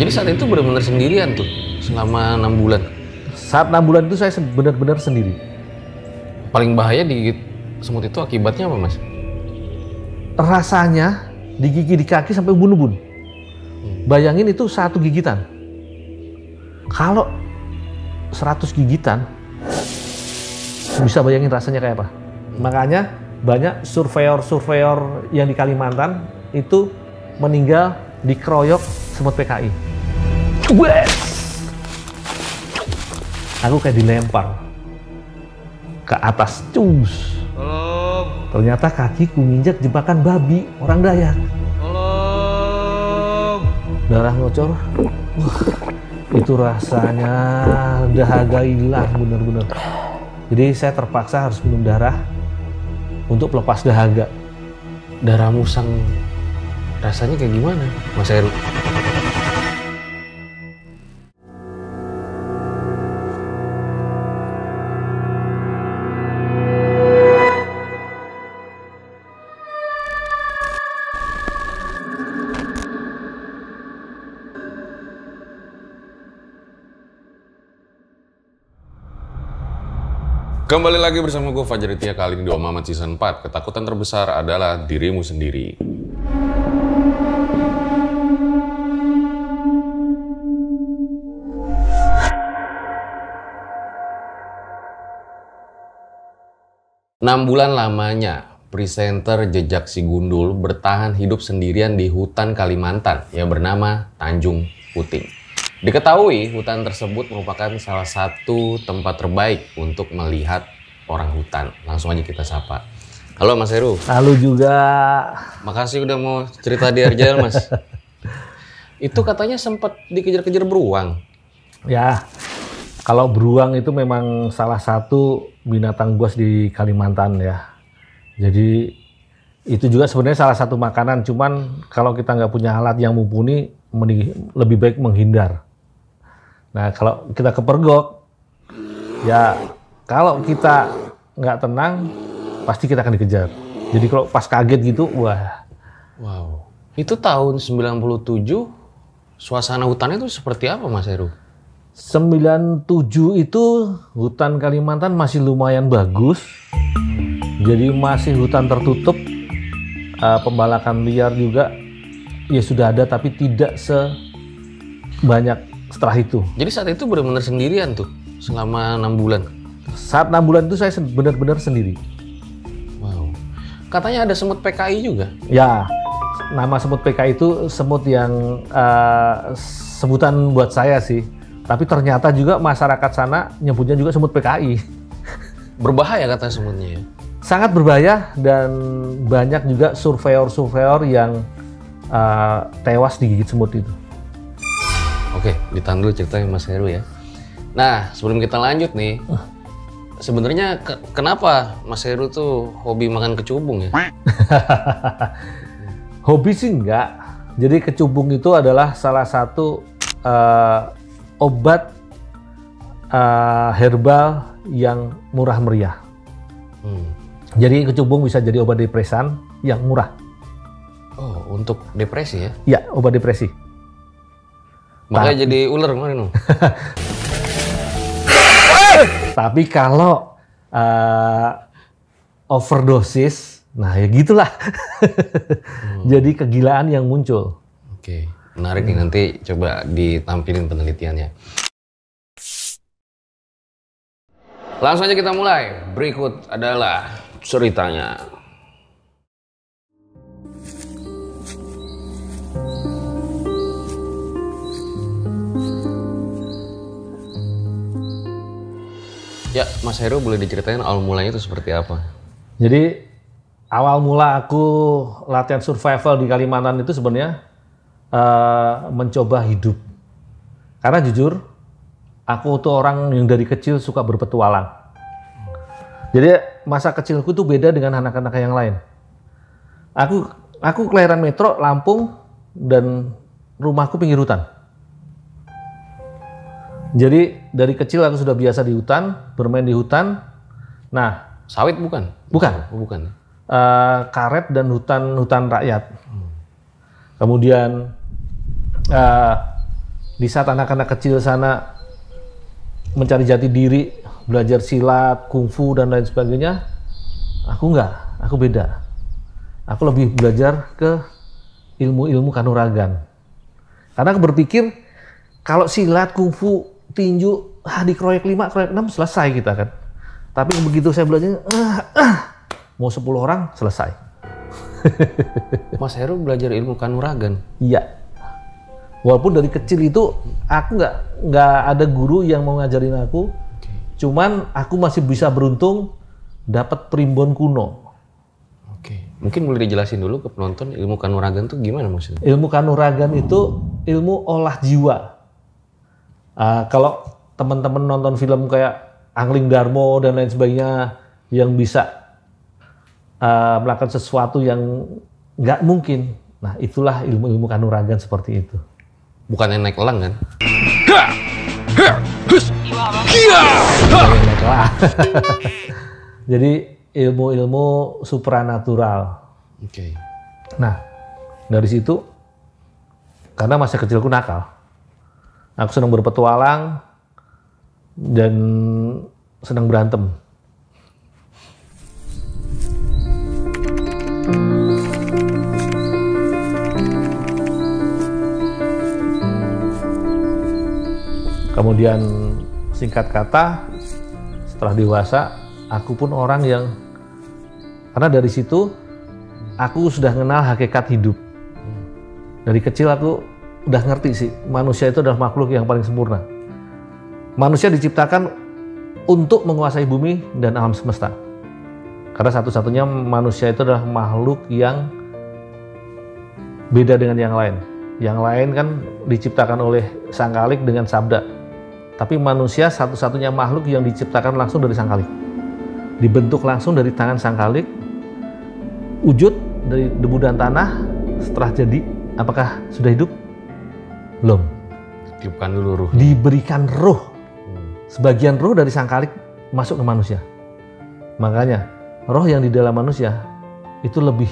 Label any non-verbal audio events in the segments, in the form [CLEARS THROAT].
Jadi saat itu benar-benar sendirian tuh selama enam bulan. Saat enam bulan itu saya benar-benar sendiri. Paling bahaya di semut itu akibatnya apa mas? Rasanya digigit di kaki sampai bunuh bun Hmm. Bayangin itu satu gigitan. Kalau 100 gigitan, bisa bayangin rasanya kayak apa. Hmm. Makanya banyak surveyor-surveyor yang di Kalimantan itu meninggal dikeroyok semut PKI. Wes, Aku kayak dilempar ke atas, cus. Ternyata kakiku nginjak jebakan babi orang Dayak. Tolong. Darah ngocor. Wah, itu rasanya dahaga hilang bener-bener. Jadi saya terpaksa harus minum darah untuk pelepas dahaga. Darah musang rasanya kayak gimana Mas Heru? Kembali lagi bersama gue Fajar Tia kali ini di Om Mamat Season 4. Ketakutan terbesar adalah dirimu sendiri. 6 bulan lamanya, presenter Jejak Si Gundul bertahan hidup sendirian di hutan Kalimantan yang bernama Tanjung Puting. Diketahui hutan tersebut merupakan salah satu tempat terbaik untuk melihat orang hutan. Langsung aja kita sapa. Halo Mas Heru. Halo juga. Makasih udah mau cerita di RJL Mas. [LAUGHS] Itu katanya sempat dikejar-kejar beruang. Ya, kalau beruang itu memang salah satu binatang buas di Kalimantan ya. Jadi itu juga sebenarnya salah satu makanan. Cuman kalau kita nggak punya alat yang mumpuni, lebih baik menghindar. Nah kalau kita kepergok, ya kalau kita nggak tenang, pasti kita akan dikejar. Jadi kalau pas kaget gitu, wah. Wow. Itu tahun 97, suasana hutannya itu seperti apa Mas Heru? 97 itu hutan Kalimantan masih lumayan bagus. Jadi masih hutan tertutup, uh, pembalakan liar juga ya sudah ada tapi tidak sebanyak setelah itu. Jadi saat itu benar-benar sendirian tuh selama enam bulan. Saat enam bulan itu saya benar-benar sendiri. Wow. Katanya ada semut PKI juga. Ya, nama semut PKI itu semut yang uh, sebutan buat saya sih tapi ternyata juga masyarakat sana nyebutnya juga semut PKI. Berbahaya kata semutnya. Ya. Sangat berbahaya dan banyak juga surveyor-surveyor yang uh, tewas digigit semut itu. Oke, ditahan dulu ceritanya Mas Heru ya. Nah, sebelum kita lanjut nih, eh. sebenarnya ke kenapa Mas Heru tuh hobi makan kecubung ya? [LAUGHS] hobi sih enggak. Jadi kecubung itu adalah salah satu uh, obat uh, herbal yang murah meriah. Hmm. Jadi kecubung bisa jadi obat depresan yang murah. Oh, untuk depresi ya? Iya, obat depresi. Makanya jadi ular kemarin. [LAUGHS] Tapi kalau uh, overdosis, nah ya gitulah. [LAUGHS] hmm. Jadi kegilaan yang muncul. Oke. Okay. Menarik nih hmm. nanti coba ditampilin penelitiannya. Langsung aja kita mulai. Berikut adalah ceritanya. Ya, Mas Heru boleh diceritain awal mulanya itu seperti apa? Jadi awal mula aku latihan survival di Kalimantan itu sebenarnya uh, mencoba hidup. Karena jujur, aku tuh orang yang dari kecil suka berpetualang. Jadi masa kecilku tuh beda dengan anak-anak yang lain. Aku aku kelahiran Metro Lampung dan rumahku pinggir hutan. Jadi dari kecil aku sudah biasa di hutan, bermain di hutan. Nah, sawit bukan? Bukan, oh, bukan. Uh, karet dan hutan-hutan rakyat. Hmm. Kemudian uh, di saat anak-anak kecil sana mencari jati diri, belajar silat, kungfu dan lain sebagainya, aku enggak, aku beda. Aku lebih belajar ke ilmu-ilmu kanuragan. Karena aku berpikir kalau silat, kungfu, tinju, ah, kroyek lima, kroyek enam selesai kita kan. Tapi begitu saya belajar, ah, ah, mau 10 orang selesai. [LAUGHS] Mas Heru belajar ilmu kanuragan? Iya walaupun dari kecil itu aku nggak nggak ada guru yang mau ngajarin aku okay. cuman aku masih bisa beruntung dapat primbon kuno oke okay. mungkin boleh dijelasin dulu ke penonton ilmu kanuragan itu gimana maksudnya ilmu kanuragan itu ilmu olah jiwa uh, kalau teman-teman nonton film kayak Angling Darmo dan lain sebagainya yang bisa uh, melakukan sesuatu yang nggak mungkin nah itulah ilmu-ilmu kanuragan seperti itu bukan yang naik elang kan? Iya, [LAUGHS] Jadi ilmu-ilmu supranatural. Oke. Okay. Nah, dari situ karena masa kecilku nakal. Aku senang berpetualang dan senang berantem. Thank you. Kemudian singkat kata, setelah dewasa, aku pun orang yang karena dari situ aku sudah kenal hakikat hidup. Dari kecil aku udah ngerti sih, manusia itu adalah makhluk yang paling sempurna. Manusia diciptakan untuk menguasai bumi dan alam semesta. Karena satu-satunya manusia itu adalah makhluk yang beda dengan yang lain. Yang lain kan diciptakan oleh Sang Kalik dengan sabda tapi manusia satu-satunya makhluk yang diciptakan langsung dari sang Dibentuk langsung dari tangan sang kalik. Wujud dari debu dan tanah setelah jadi apakah sudah hidup? Belum. Diberikan dulu ruh. Diberikan roh, hmm. Sebagian ruh dari sang kalik masuk ke manusia. Makanya roh yang di dalam manusia itu lebih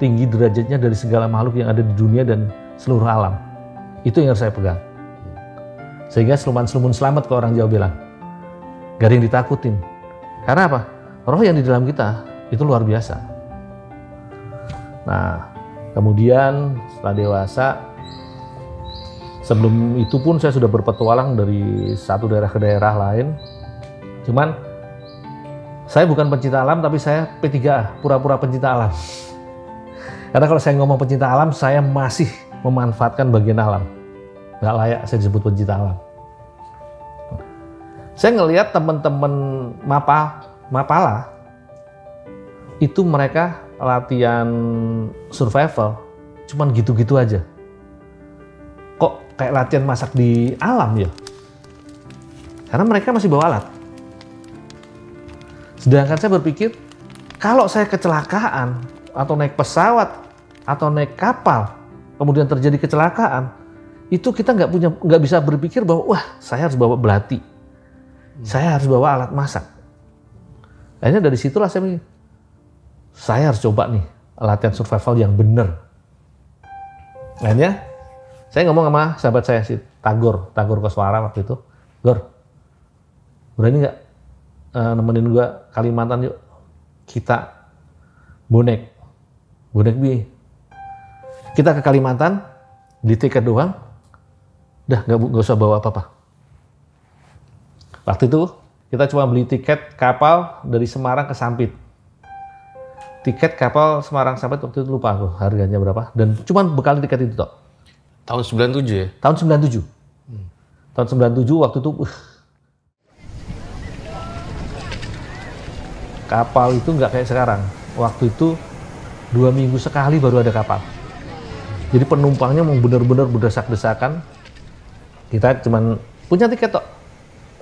tinggi derajatnya dari segala makhluk yang ada di dunia dan seluruh alam. Itu yang harus saya pegang. Sehingga seluman-selumun selamat kalau orang Jawa bilang. Gak ada yang ditakutin. Karena apa? Roh yang di dalam kita itu luar biasa. Nah, kemudian setelah dewasa, sebelum itu pun saya sudah berpetualang dari satu daerah ke daerah lain. Cuman saya bukan pencinta alam, tapi saya p 3 pura-pura pencinta alam. [LAUGHS] Karena kalau saya ngomong pencinta alam, saya masih memanfaatkan bagian alam nggak layak saya disebut pencinta alam. Saya ngelihat teman-teman mapa mapala itu mereka latihan survival cuman gitu-gitu aja. Kok kayak latihan masak di alam ya? Karena mereka masih bawa alat. Sedangkan saya berpikir kalau saya kecelakaan atau naik pesawat atau naik kapal kemudian terjadi kecelakaan itu kita nggak punya nggak bisa berpikir bahwa wah saya harus bawa belati, hmm. saya harus bawa alat masak. Akhirnya dari situlah saya mikir, saya harus coba nih latihan survival yang benar. Akhirnya saya ngomong sama sahabat saya si Tagor, Tagor Koswara waktu itu, Gor, berani nggak uh, nemenin gua Kalimantan yuk kita bonek bonek bi kita ke Kalimantan di tiket doang udah nggak gak usah bawa apa-apa. Waktu itu kita cuma beli tiket kapal dari Semarang ke Sampit. Tiket kapal Semarang Sampit waktu itu lupa aku harganya berapa dan cuma bekal tiket itu toh. Tahun 97 ya? Tahun 97. Hmm. Tahun 97 waktu itu uh, kapal itu nggak kayak sekarang. Waktu itu dua minggu sekali baru ada kapal. Jadi penumpangnya mau benar-benar berdesak-desakan kita cuma punya tiket tok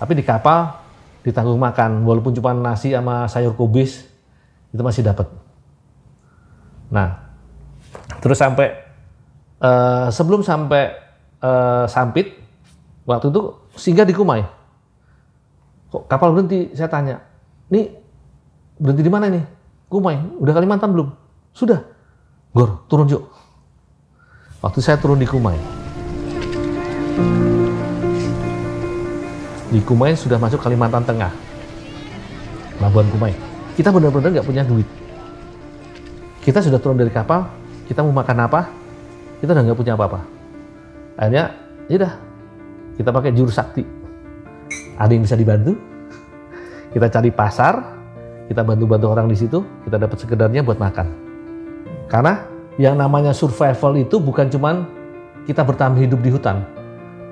tapi di kapal ditanggung makan walaupun cuma nasi sama sayur kubis itu masih dapat nah terus sampai uh, sebelum sampai uh, sampit waktu itu singgah di Kumai kok kapal berhenti saya tanya ini berhenti di mana nih Kumai udah Kalimantan belum sudah Gor turun yuk waktu saya turun di Kumai thank you di Kumai sudah masuk Kalimantan Tengah Labuan Kumai kita benar-benar nggak punya duit kita sudah turun dari kapal kita mau makan apa kita udah nggak punya apa-apa akhirnya ya udah kita pakai jurus sakti ada yang bisa dibantu kita cari pasar kita bantu-bantu orang di situ kita dapat sekedarnya buat makan karena yang namanya survival itu bukan cuman kita bertahan hidup di hutan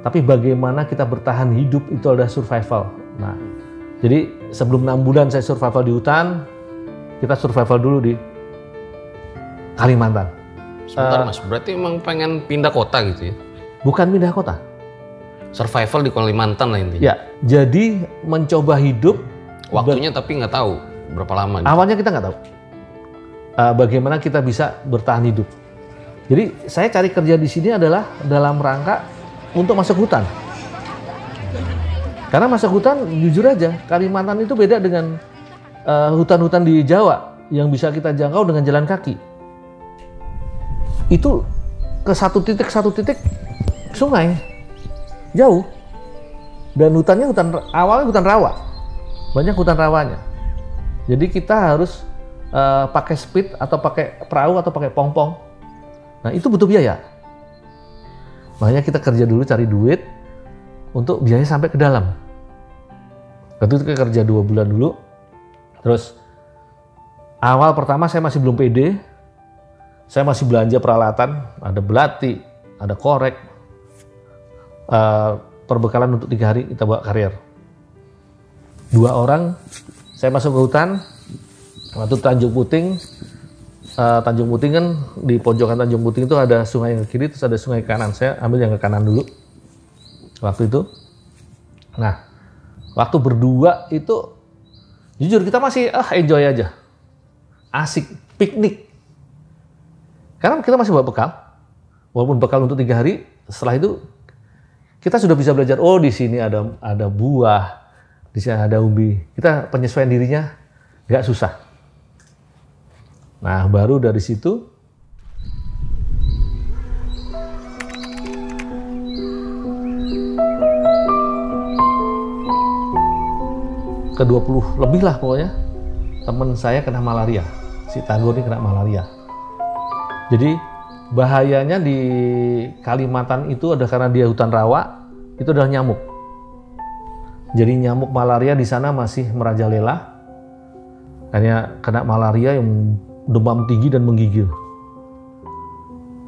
tapi bagaimana kita bertahan hidup itu adalah survival. Nah, jadi sebelum enam bulan saya survival di hutan, kita survival dulu di Kalimantan. Sebentar uh, mas, berarti emang pengen pindah kota gitu ya? Bukan pindah kota. Survival di Kalimantan lah intinya. Ya, jadi mencoba hidup. Waktunya tapi nggak tahu berapa lama. Gitu. Awalnya kita nggak tahu. Uh, bagaimana kita bisa bertahan hidup. Jadi saya cari kerja di sini adalah dalam rangka untuk masuk hutan. Karena masuk hutan jujur aja Kalimantan itu beda dengan eh, hutan-hutan uh, di Jawa yang bisa kita jangkau dengan jalan kaki. Itu ke satu titik satu titik sungai jauh dan hutannya hutan awalnya hutan rawa banyak hutan rawanya jadi kita harus uh, pakai speed atau pakai perahu atau pakai pongpong nah itu butuh biaya Makanya kita kerja dulu cari duit untuk biaya sampai ke dalam. Ketika kita kerja dua bulan dulu, terus awal pertama saya masih belum pede, saya masih belanja peralatan, ada belati, ada korek, uh, perbekalan untuk tiga hari kita bawa karir Dua orang, saya masuk ke hutan, waktu Tanjung Puting, uh, Tanjung Puting kan di pojokan Tanjung Puting itu ada sungai yang ke kiri terus ada sungai ke kanan. Saya ambil yang ke kanan dulu. Waktu itu. Nah, waktu berdua itu jujur kita masih ah enjoy aja. Asik, piknik. Karena kita masih bawa bekal. Walaupun bekal untuk tiga hari, setelah itu kita sudah bisa belajar oh di sini ada ada buah, di sini ada umbi. Kita penyesuaian dirinya nggak susah. Nah, baru dari situ ke 20 lebih lah pokoknya teman saya kena malaria si Tagor ini kena malaria jadi bahayanya di Kalimantan itu adalah karena dia hutan rawa itu adalah nyamuk jadi nyamuk malaria di sana masih merajalela hanya kena malaria yang demam tinggi dan menggigil.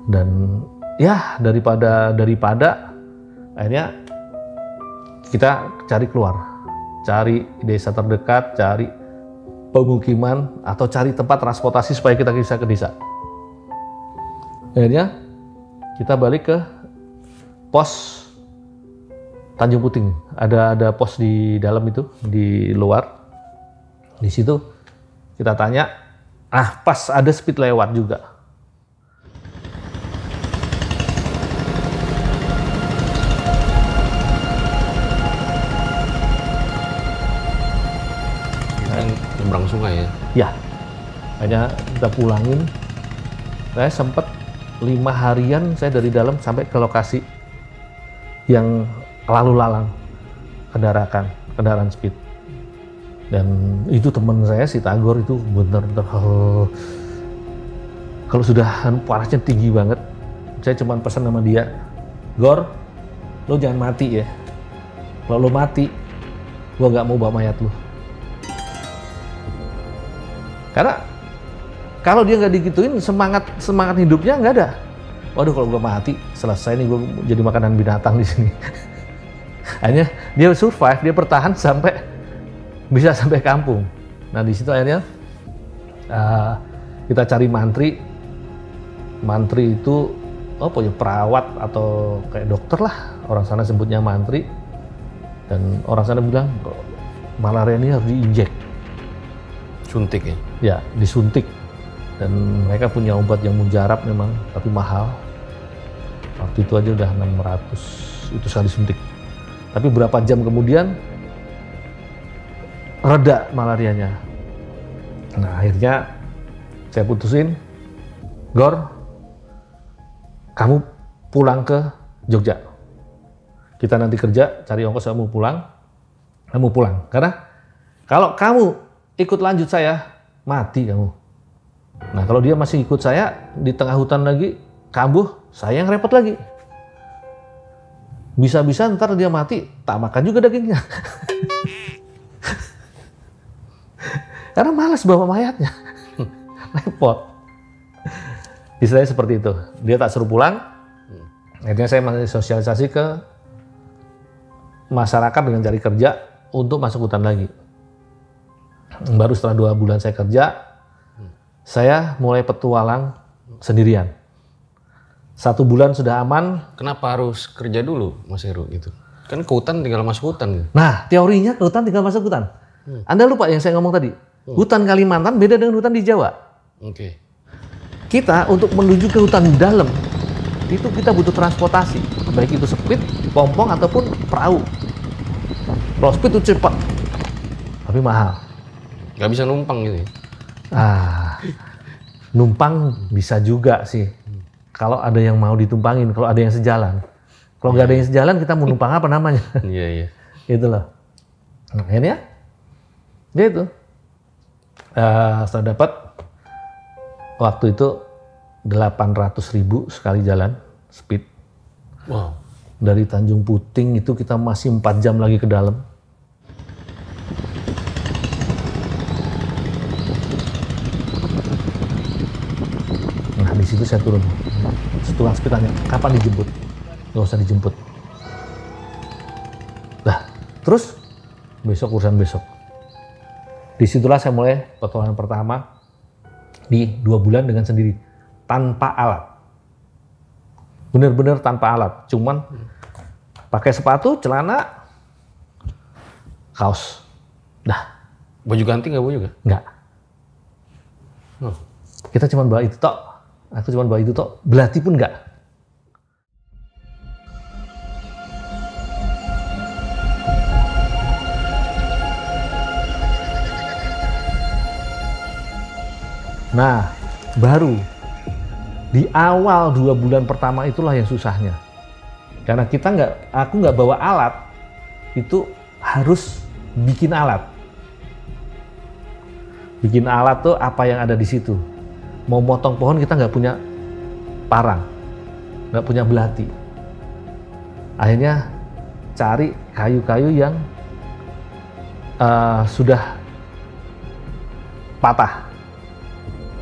Dan ya daripada daripada akhirnya kita cari keluar, cari desa terdekat, cari pemukiman atau cari tempat transportasi supaya kita bisa ke desa. Akhirnya kita balik ke pos Tanjung Puting. Ada ada pos di dalam itu di luar. Di situ kita tanya Ah, pas ada speed lewat juga. nyebrang sungai ya? Ya, hanya kita pulangin. Saya sempat lima harian saya dari dalam sampai ke lokasi yang lalu lalang kendaraan kendaraan speed dan itu teman saya si Tagor itu bener benar eh, kalau sudah anu, parahnya tinggi banget saya cuma pesan sama dia Gor lo jangan mati ya kalau lo mati gua nggak mau bawa mayat lo karena kalau dia nggak digituin semangat semangat hidupnya nggak ada waduh kalau gua mati selesai nih gua jadi makanan binatang di sini hanya [LAUGHS] dia survive dia bertahan sampai bisa sampai kampung. Nah di situ akhirnya uh, kita cari mantri. Mantri itu oh punya perawat atau kayak dokter lah orang sana sebutnya mantri. Dan orang sana bilang malaria ini harus diinjek. Suntik ya? Ya disuntik. Dan mereka punya obat yang mujarab memang tapi mahal. Waktu itu aja udah 600 itu sekali suntik. Tapi berapa jam kemudian reda malarianya. Nah akhirnya saya putusin, Gor, kamu pulang ke Jogja. Kita nanti kerja, cari ongkos kamu pulang, kamu pulang. Karena kalau kamu ikut lanjut saya, mati kamu. Nah kalau dia masih ikut saya, di tengah hutan lagi, kambuh, saya yang repot lagi. Bisa-bisa ntar dia mati, tak makan juga dagingnya. [LAUGHS] Karena malas bawa mayatnya. [LAUGHS] Repot. Istilahnya seperti itu. Dia tak suruh pulang. Akhirnya saya masih sosialisasi ke masyarakat dengan cari kerja untuk masuk hutan lagi. Baru setelah dua bulan saya kerja, saya mulai petualang sendirian. Satu bulan sudah aman. Kenapa harus kerja dulu, Mas Heru? Gitu. Kan ke hutan tinggal masuk hutan. Gitu. Nah, teorinya ke hutan tinggal masuk hutan. Hmm. Anda lupa yang saya ngomong tadi. Hmm. Hutan Kalimantan beda dengan hutan di Jawa. Oke. Okay. Kita untuk menuju ke hutan dalam itu kita butuh transportasi, baik itu speed, pompong ataupun perahu. Kalau speed itu cepat, tapi mahal. Gak bisa numpang gitu. Ya? Ah, numpang bisa juga sih. Kalau ada yang mau ditumpangin, kalau ada yang sejalan. Kalau nggak ada yang sejalan, kita mau numpang apa namanya? Iya, iya. Yeah. [LAUGHS] Itu loh. Nah, ini ya? Dia itu. Uh, setelah dapat waktu itu 800 ribu sekali jalan speed. Wow. Dari Tanjung Puting itu kita masih 4 jam lagi ke dalam. Nah di situ saya turun. Setelah speed tanya, kapan dijemput? Gak usah dijemput. Lah, terus besok urusan besok disitulah saya mulai pertolongan pertama di dua bulan dengan sendiri tanpa alat benar-benar tanpa alat cuman pakai sepatu celana kaos dah baju ganti nggak baju nggak hmm. kita cuma bawa itu tok aku cuma bawa itu tok belati pun nggak Nah, baru di awal dua bulan pertama itulah yang susahnya. Karena kita nggak, aku nggak bawa alat, itu harus bikin alat. Bikin alat tuh apa yang ada di situ. Mau motong pohon kita nggak punya parang, nggak punya belati. Akhirnya cari kayu-kayu yang uh, sudah patah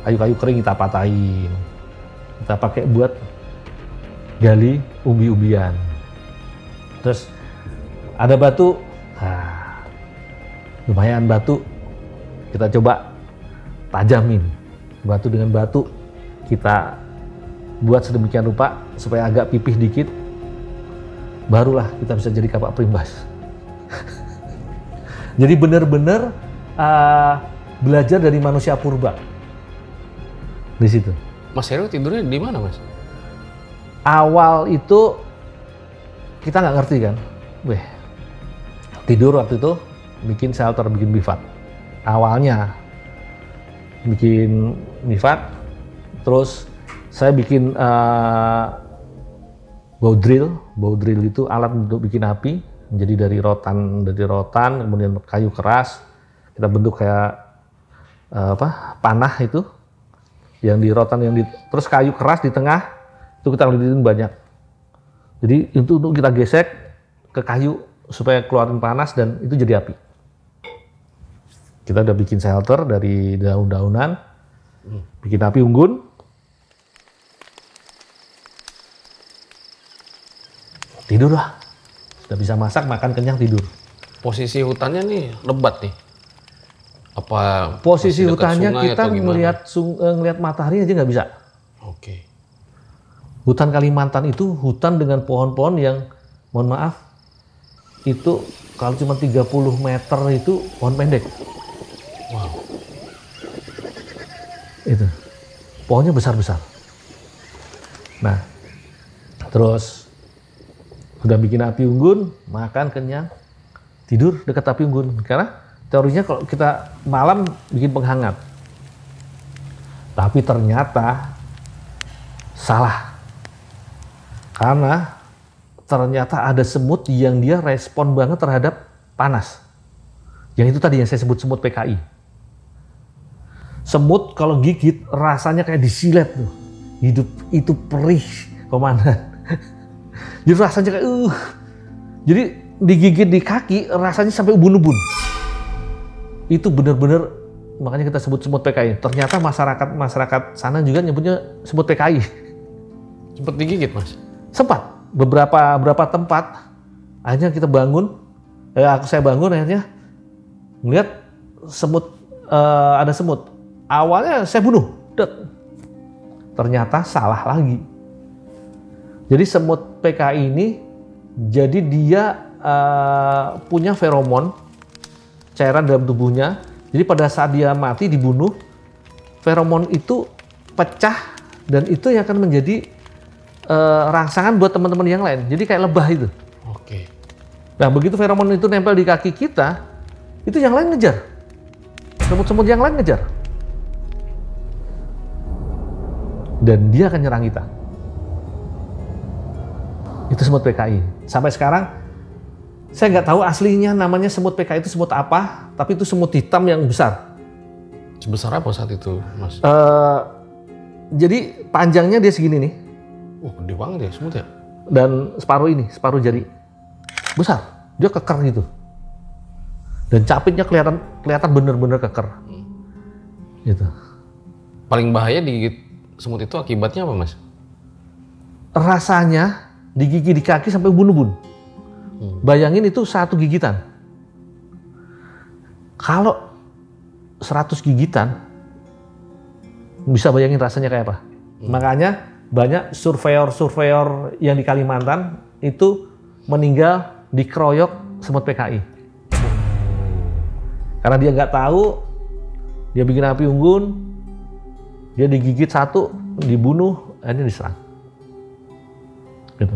kayu-kayu kering kita patahin. Kita pakai buat gali umbi-umbian. Terus ada batu, nah, lumayan batu, kita coba tajamin. Batu dengan batu kita buat sedemikian rupa supaya agak pipih dikit, barulah kita bisa jadi kapak primbas. [LAUGHS] jadi benar-benar uh, belajar dari manusia purba di situ. Mas Heru tidurnya di mana mas? Awal itu kita nggak ngerti kan, weh tidur waktu itu bikin shelter, bikin bifat. Awalnya bikin bifat, terus saya bikin uh, bow drill itu alat untuk bikin api, Jadi dari rotan, dari rotan, kemudian kayu keras, kita bentuk kayak uh, apa panah itu yang di rotan yang di terus kayu keras di tengah itu kita lilitin banyak jadi itu untuk kita gesek ke kayu supaya keluarin panas dan itu jadi api kita udah bikin shelter dari daun-daunan bikin api unggun tidur lah Sudah bisa masak makan kenyang tidur posisi hutannya nih lebat nih apa posisi hutannya kita melihat sung, eh, matahari aja nggak bisa. Oke. Hutan Kalimantan itu hutan dengan pohon-pohon yang mohon maaf itu kalau cuma 30 meter itu pohon pendek. Wow. Itu. Pohonnya besar-besar. Nah, terus udah bikin api unggun, makan kenyang, tidur dekat api unggun karena teorinya kalau kita malam bikin penghangat. Tapi ternyata salah. Karena ternyata ada semut yang dia respon banget terhadap panas. Yang itu tadi yang saya sebut semut PKI. Semut kalau gigit rasanya kayak disilet tuh. Hidup itu perih, komandan. [LAUGHS] Jadi rasanya kayak uh. Jadi digigit di kaki rasanya sampai ubun-ubun itu benar-benar makanya kita sebut semut PKI. Ternyata masyarakat masyarakat sana juga nyebutnya semut PKI. Sempat digigit mas? Sempat. Beberapa beberapa tempat akhirnya kita bangun. Eh, aku saya bangun akhirnya melihat semut eh, ada semut. Awalnya saya bunuh. Ternyata salah lagi. Jadi semut PKI ini jadi dia eh, punya feromon cairan dalam tubuhnya. Jadi pada saat dia mati dibunuh, feromon itu pecah dan itu yang akan menjadi uh, rangsangan buat teman-teman yang lain. Jadi kayak lebah itu. Oke. Nah begitu feromon itu nempel di kaki kita, itu yang lain ngejar. Semut-semut yang lain ngejar. Dan dia akan nyerang kita. Itu semut PKI. Sampai sekarang saya nggak tahu aslinya namanya semut PK itu semut apa, tapi itu semut hitam yang besar. Sebesar apa saat itu, Mas? Uh, jadi panjangnya dia segini nih. Wah, oh, gede banget ya semut ya. Dan separuh ini, separuh jari. Besar. Dia keker gitu. Dan capitnya kelihatan kelihatan bener-bener keker. Hmm. Gitu. Paling bahaya digigit semut itu akibatnya apa, Mas? Rasanya digigit di kaki sampai bunuh bunuh. Hmm. Bayangin itu satu gigitan. Kalau 100 gigitan, bisa bayangin rasanya kayak apa. Hmm. Makanya banyak surveyor-surveyor yang di Kalimantan itu meninggal dikeroyok semut PKI. Karena dia nggak tahu, dia bikin api unggun, dia digigit satu, dibunuh, akhirnya diserang. Gitu.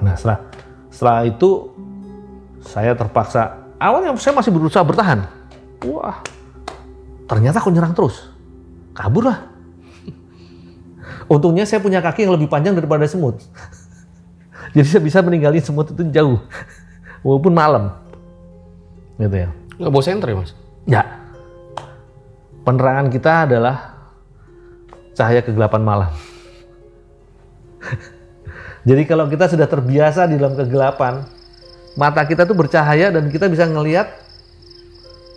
Nah, setelah setelah itu saya terpaksa awalnya saya masih berusaha bertahan. Wah, ternyata aku nyerang terus. Kabur lah. [LAUGHS] Untungnya saya punya kaki yang lebih panjang daripada semut. [LAUGHS] Jadi saya bisa meninggalin semut itu jauh. [LAUGHS] Walaupun malam. Gitu ya. Nggak bosen senter ya, mas? Ya. Penerangan kita adalah cahaya kegelapan malam. Jadi kalau kita sudah terbiasa di dalam kegelapan, mata kita tuh bercahaya dan kita bisa ngelihat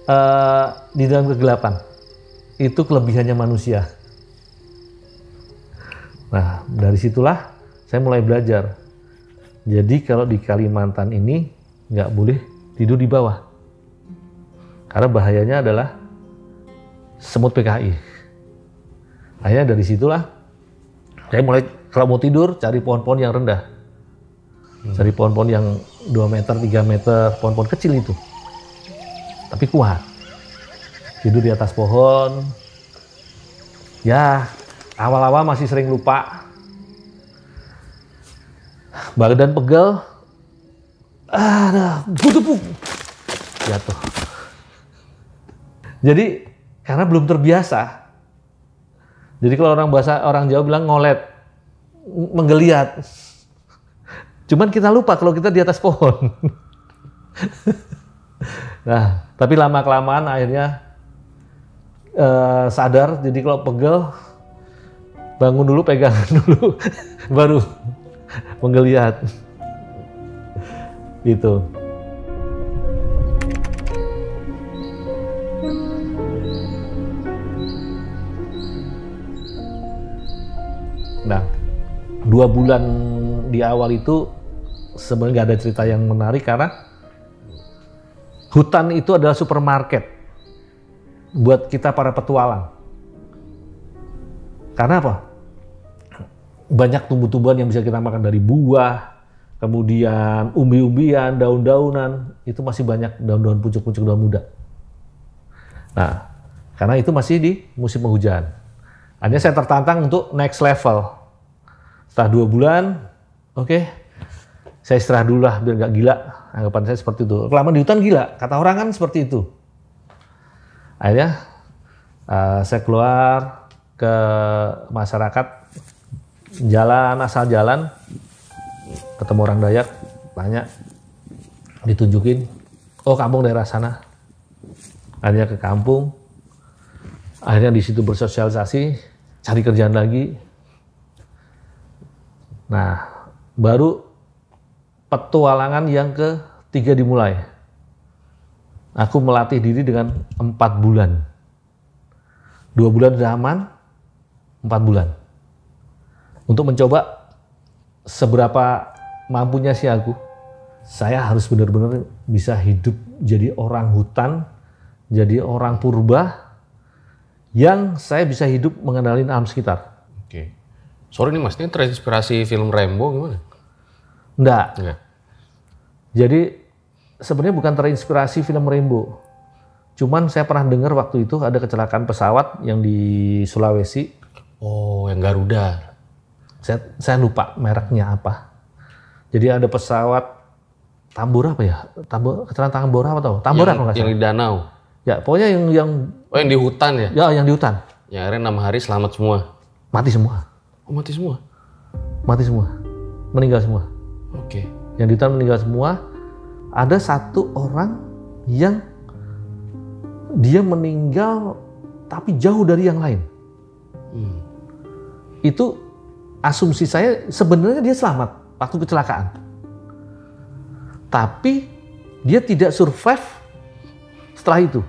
uh, di dalam kegelapan. Itu kelebihannya manusia. Nah, dari situlah saya mulai belajar. Jadi kalau di Kalimantan ini nggak boleh tidur di bawah. Karena bahayanya adalah semut PKI. Akhirnya dari situlah saya mulai kalau mau tidur cari pohon-pohon yang rendah. Hmm. Cari pohon-pohon yang 2 meter, 3 meter, pohon-pohon kecil itu. Tapi kuat. Tidur di atas pohon. Ya, awal-awal masih sering lupa. Badan pegel. Ah, butuh Jatuh. Jadi, karena belum terbiasa. Jadi kalau orang bahasa orang Jawa bilang ngolet menggeliat. Cuman kita lupa kalau kita di atas pohon. [LAUGHS] nah, tapi lama kelamaan akhirnya uh, sadar. Jadi kalau pegel bangun dulu, pegang [LAUGHS] dulu, baru menggeliat. Gitu. Nah, dua bulan di awal itu sebenarnya nggak ada cerita yang menarik karena hutan itu adalah supermarket buat kita para petualang. Karena apa? Banyak tumbuh-tumbuhan yang bisa kita makan dari buah, kemudian umbi-umbian, daun-daunan, itu masih banyak daun-daun pucuk-pucuk daun muda. Nah, karena itu masih di musim penghujan. Hanya saya tertantang untuk next level setelah dua bulan, oke, okay, saya istirahat dulu lah biar nggak gila. Anggapan saya seperti itu. lama di hutan gila, kata orang kan seperti itu. Akhirnya uh, saya keluar ke masyarakat, jalan asal jalan, ketemu orang Dayak, tanya, ditunjukin, oh kampung daerah sana. Akhirnya ke kampung, akhirnya di situ bersosialisasi, cari kerjaan lagi, Nah, baru petualangan yang ketiga dimulai. Aku melatih diri dengan empat bulan. Dua bulan sudah aman, empat bulan. Untuk mencoba seberapa mampunya sih aku. Saya harus benar-benar bisa hidup jadi orang hutan, jadi orang purba, yang saya bisa hidup mengenalin alam sekitar. Oke. Okay. Sorry nih mas, ini terinspirasi film Rambo gimana? Enggak. Enggak. Jadi sebenarnya bukan terinspirasi film Rambo. Cuman saya pernah dengar waktu itu ada kecelakaan pesawat yang di Sulawesi. Oh, yang Garuda. Saya, saya lupa mereknya apa. Jadi ada pesawat Tambora apa ya? Tambora, kecelakaan Tambora apa tau? Tambora yang, Yang di danau. Ya, pokoknya yang yang Oh, yang di hutan ya? Ya, yang di hutan. Ya, akhirnya enam hari selamat semua. Mati semua. Oh, mati semua? Mati semua. Meninggal semua. Oke. Okay. Yang ditahan meninggal semua. Ada satu orang yang dia meninggal tapi jauh dari yang lain. Hmm. Itu asumsi saya sebenarnya dia selamat waktu kecelakaan. Tapi dia tidak survive setelah itu.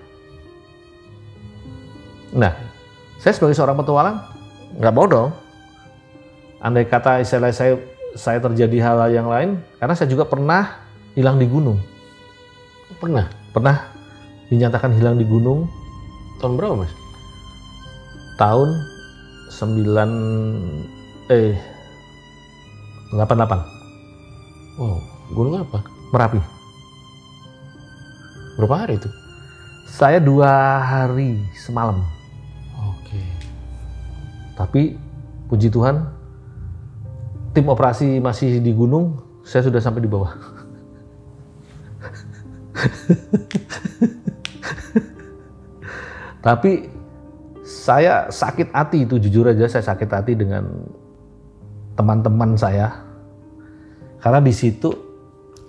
Nah, saya sebagai seorang petualang nggak bodoh andai kata istilah saya saya terjadi hal, yang lain karena saya juga pernah hilang di gunung pernah pernah dinyatakan hilang di gunung tahun berapa mas tahun 9 eh 88 wow gunung apa merapi berapa hari itu saya dua hari semalam oke okay. tapi puji Tuhan tim operasi masih di gunung, saya sudah sampai di bawah. Tapi saya sakit hati itu jujur aja saya sakit hati dengan teman-teman saya. Karena di situ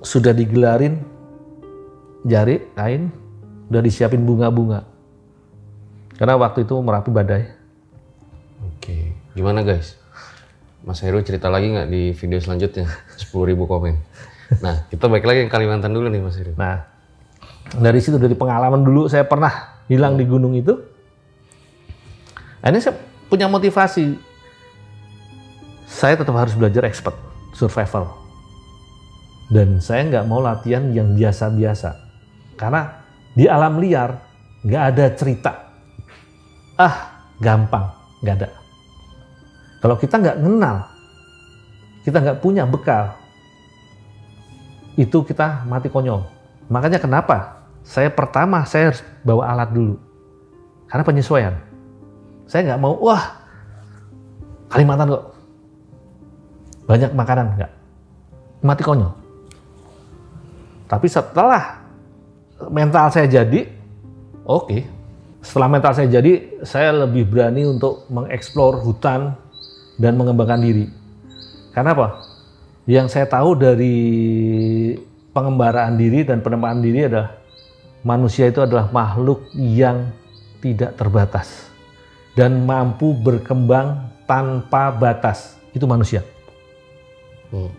sudah digelarin jari kain, udah disiapin bunga-bunga. Karena waktu itu merapi badai. Oke, gimana guys? Mas Heru cerita lagi nggak di video selanjutnya? 10 [LAUGHS] ribu komen. Nah, kita balik lagi ke Kalimantan dulu nih Mas Heru. Nah, dari situ, dari pengalaman dulu saya pernah hilang di gunung itu. Nah, ini saya punya motivasi. Saya tetap harus belajar expert, survival. Dan saya nggak mau latihan yang biasa-biasa. Karena di alam liar nggak ada cerita. Ah, gampang, nggak ada kalau kita nggak kenal, kita nggak punya bekal, itu kita mati konyol. Makanya kenapa saya pertama saya harus bawa alat dulu. Karena penyesuaian. Saya nggak mau, wah Kalimantan kok. Banyak makanan, nggak. Mati konyol. Tapi setelah mental saya jadi, oke. Okay. Setelah mental saya jadi, saya lebih berani untuk mengeksplor hutan, dan mengembangkan diri. Karena apa? Yang saya tahu dari pengembaraan diri dan penempaan diri adalah manusia itu adalah makhluk yang tidak terbatas dan mampu berkembang tanpa batas. Itu manusia. Hmm.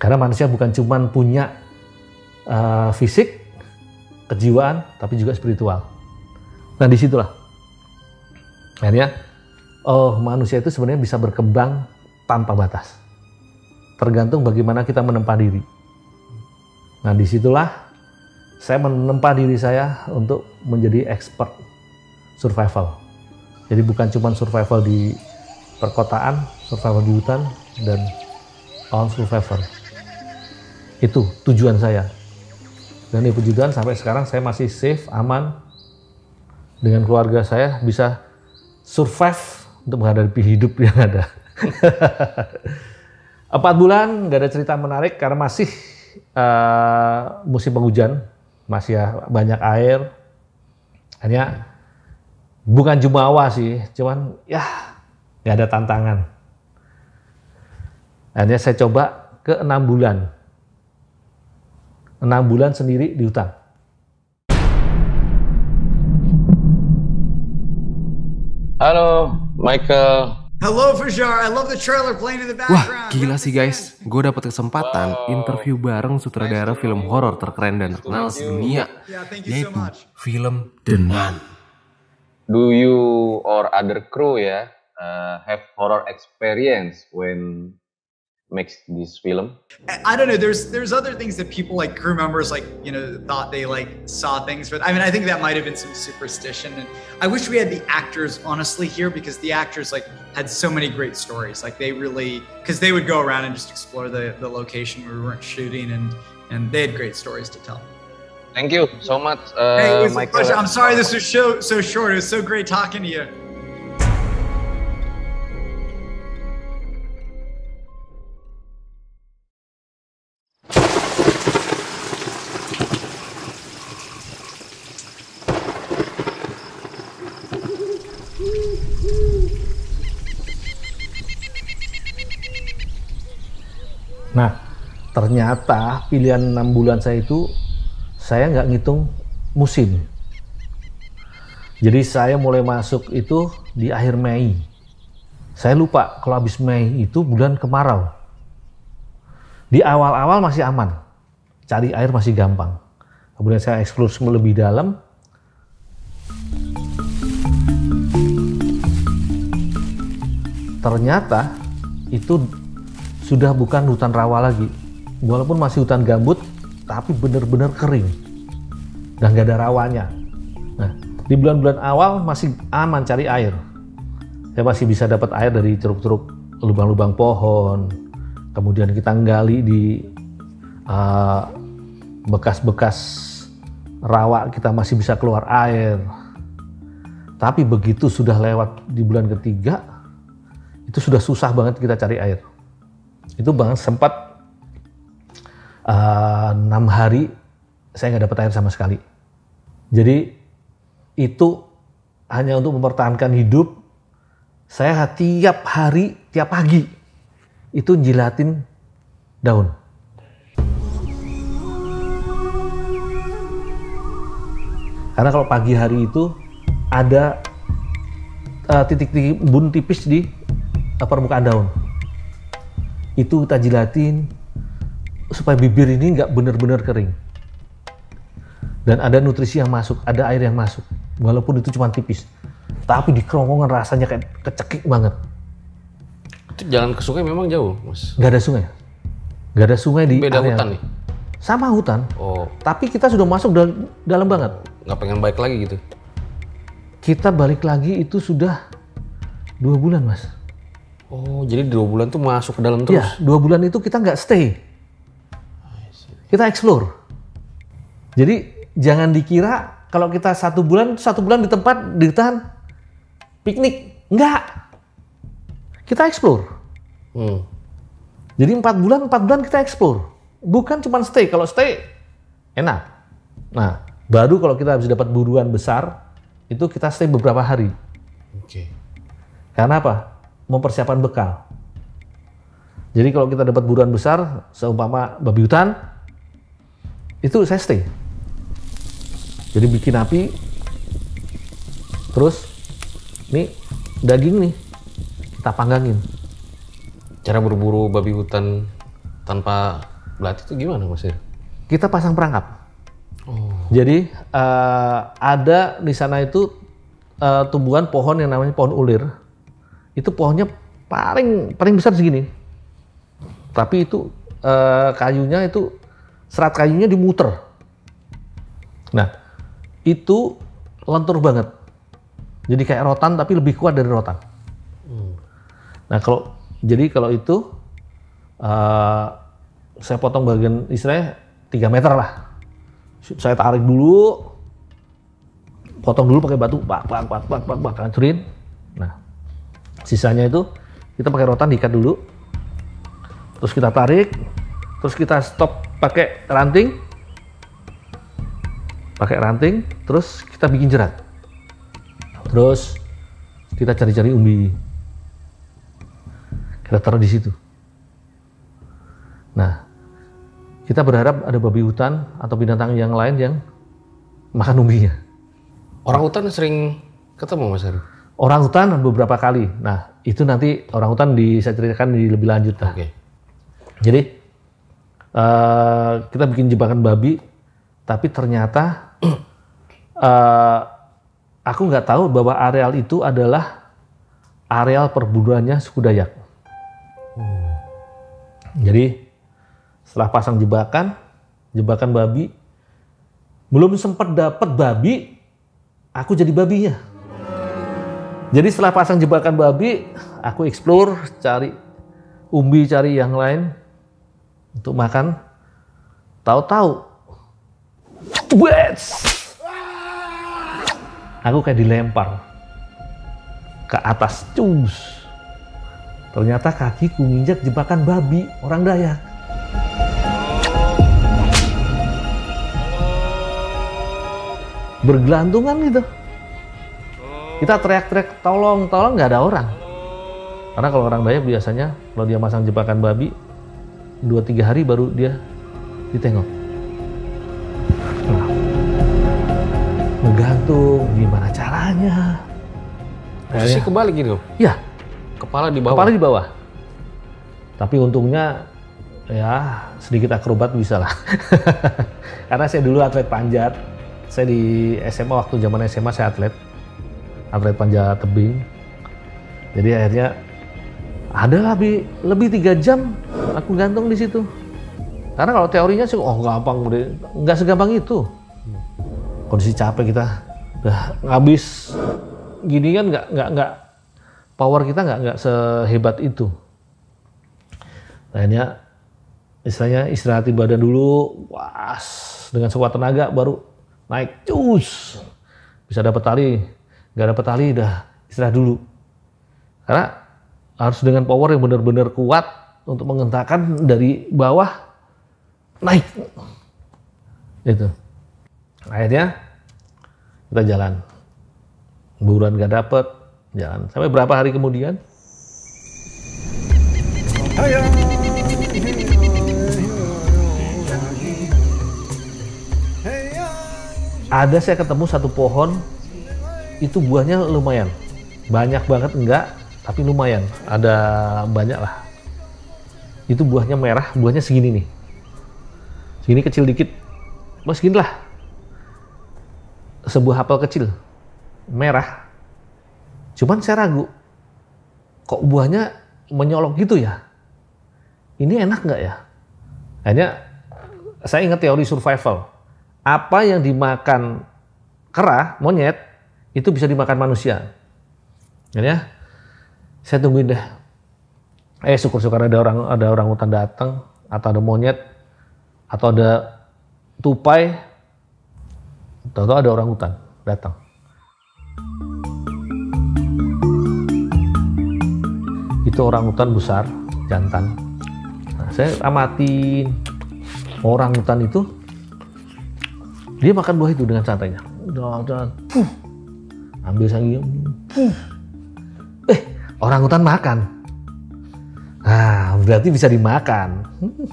Karena manusia bukan cuma punya uh, fisik, kejiwaan, tapi juga spiritual. Nah disitulah akhirnya oh, manusia itu sebenarnya bisa berkembang tanpa batas. Tergantung bagaimana kita menempa diri. Nah disitulah saya menempa diri saya untuk menjadi expert survival. Jadi bukan cuma survival di perkotaan, survival di hutan, dan on survival. Itu tujuan saya. Dan itu tujuan sampai sekarang saya masih safe, aman, dengan keluarga saya bisa survive untuk menghadapi hidup yang ada. [LAUGHS] Empat bulan nggak ada cerita menarik karena masih uh, musim penghujan, masih ya banyak air. Hanya bukan jumawa sih, cuman ya nggak ada tantangan. Hanya saya coba ke enam bulan. Enam bulan sendiri di hutan. Halo, Michael. Hello Fajar, I love the trailer playing in the background. Wah, gila sih guys. Gue dapat kesempatan wow. interview bareng sutradara film horor terkeren dan terkenal sedunia, yeah, yaitu so film The Nun. Do you or other crew ya yeah, uh, have horror experience when makes this film i don't know there's there's other things that people like crew members like you know thought they like saw things but i mean i think that might have been some superstition and i wish we had the actors honestly here because the actors like had so many great stories like they really because they would go around and just explore the the location we weren't shooting and and they had great stories to tell thank you so much uh, hey, Michael. i'm sorry this was so, so short it was so great talking to you Nah, ternyata pilihan enam bulan saya itu saya nggak ngitung musim. Jadi saya mulai masuk itu di akhir Mei. Saya lupa kalau habis Mei itu bulan kemarau. Di awal-awal masih aman, cari air masih gampang. Kemudian saya eksplor lebih dalam. Ternyata itu sudah bukan hutan rawa lagi. Walaupun masih hutan gambut, tapi benar-benar kering dan nggak ada rawanya. Nah, di bulan-bulan awal masih aman cari air. Saya masih bisa dapat air dari ceruk-ceruk lubang-lubang pohon. Kemudian kita nggali di uh, bekas-bekas uh, bekas -bekas rawa kita masih bisa keluar air. Tapi begitu sudah lewat di bulan ketiga, itu sudah susah banget kita cari air itu bang sempat eh, enam uh, hari saya nggak dapat air sama sekali. Jadi itu hanya untuk mempertahankan hidup. Saya tiap hari, tiap pagi itu jilatin daun. Karena kalau pagi hari itu ada eh, titik-titik uh, bun tipis di eh, permukaan daun itu kita jilatin supaya bibir ini nggak benar-benar kering dan ada nutrisi yang masuk, ada air yang masuk, walaupun itu cuma tipis, tapi di kerongkongan rasanya kayak kecekik banget. Itu jalan ke sungai memang jauh, mas. nggak ada sungai, nggak ada sungai di beda area. hutan nih. Sama hutan. Oh. Tapi kita sudah masuk dal dalam banget. nggak pengen balik lagi gitu? Kita balik lagi itu sudah dua bulan, mas. Oh, jadi dua bulan tuh masuk ke dalam iya, terus? Iya, dua bulan itu kita nggak stay. Kita explore. Jadi jangan dikira kalau kita satu bulan, satu bulan di tempat ditahan piknik. Nggak. Kita explore. Hmm. Jadi empat bulan, empat bulan kita explore. Bukan cuma stay. Kalau stay, enak. Nah, baru kalau kita bisa dapat buruan besar, itu kita stay beberapa hari. Oke. Okay. Karena apa? mempersiapkan bekal. Jadi kalau kita dapat buruan besar, seumpama babi hutan, itu saya stay. Jadi bikin api, terus ini daging nih kita panggangin. Cara berburu babi hutan tanpa belati itu gimana Mas? Ya? Kita pasang perangkap. Oh. Jadi uh, ada di sana itu uh, tumbuhan pohon yang namanya pohon ulir itu pohonnya paling paling besar segini. Tapi itu eh, kayunya itu serat kayunya dimuter. Nah, itu lentur banget. Jadi kayak rotan tapi lebih kuat dari rotan. Hmm. Nah, kalau jadi kalau itu eh, saya potong bagian istilahnya 3 meter lah. Saya tarik dulu, potong dulu pakai batu, bak pak, pak, pak, pak, pak, hancurin. Nah, sisanya itu kita pakai rotan diikat dulu terus kita tarik terus kita stop pakai ranting pakai ranting terus kita bikin jerat terus kita cari-cari umbi kita taruh di situ nah kita berharap ada babi hutan atau binatang yang lain yang makan umbinya orang hutan sering ketemu mas Heru orang hutan beberapa kali. Nah, itu nanti orang hutan ceritakan di lebih lanjut. Nah. Okay. Jadi uh, kita bikin jebakan babi, tapi ternyata uh, [CLEARS THROAT] aku nggak tahu bahwa areal itu adalah areal perburuannya suku Dayak. Hmm. Jadi setelah pasang jebakan, jebakan babi, belum sempat dapat babi, aku jadi babinya. Jadi setelah pasang jebakan babi, aku explore cari umbi, cari yang lain untuk makan. Tahu-tahu, aku kayak dilempar ke atas, cus. Ternyata kakiku nginjak jebakan babi orang Dayak. Bergelantungan gitu kita teriak-teriak tolong tolong nggak ada orang karena kalau orang bayar biasanya kalau dia masang jebakan babi dua tiga hari baru dia ditengok nah, ngegantung gimana caranya posisi kebalik gitu ya kepala di bawah kepala di bawah tapi untungnya ya sedikit akrobat bisa lah [LAUGHS] karena saya dulu atlet panjat saya di SMA waktu zaman SMA saya atlet atlet panjat tebing. Jadi akhirnya ada lebih lebih tiga jam aku gantung di situ. Karena kalau teorinya sih oh gampang, nggak segampang itu. Kondisi capek kita udah ngabis gini kan nggak nggak nggak power kita nggak nggak sehebat itu. Akhirnya istilahnya istirahat di badan dulu, was dengan sekuat tenaga baru naik cus bisa dapat tali nggak dapat tali udah istirahat dulu karena harus dengan power yang benar-benar kuat untuk menghentakkan dari bawah naik itu akhirnya kita jalan buruan gak dapet jalan sampai berapa hari kemudian ada saya ketemu satu pohon itu buahnya lumayan banyak banget enggak tapi lumayan ada banyak lah itu buahnya merah buahnya segini nih segini kecil dikit mas segini lah sebuah apel kecil merah cuman saya ragu kok buahnya menyolok gitu ya ini enak nggak ya hanya saya ingat teori survival apa yang dimakan kera monyet itu bisa dimakan manusia. Ya, saya tungguin deh. Eh syukur-syukur ada orang ada orang hutan datang atau ada monyet atau ada tupai. Tahu-tahu ada orang hutan datang. Itu orang hutan besar, jantan. Nah, saya amati orang hutan itu dia makan buah itu dengan santainya. Dan, dan, uh, ambil sayurnya hmm. eh orang hutan makan nah berarti bisa dimakan hmm.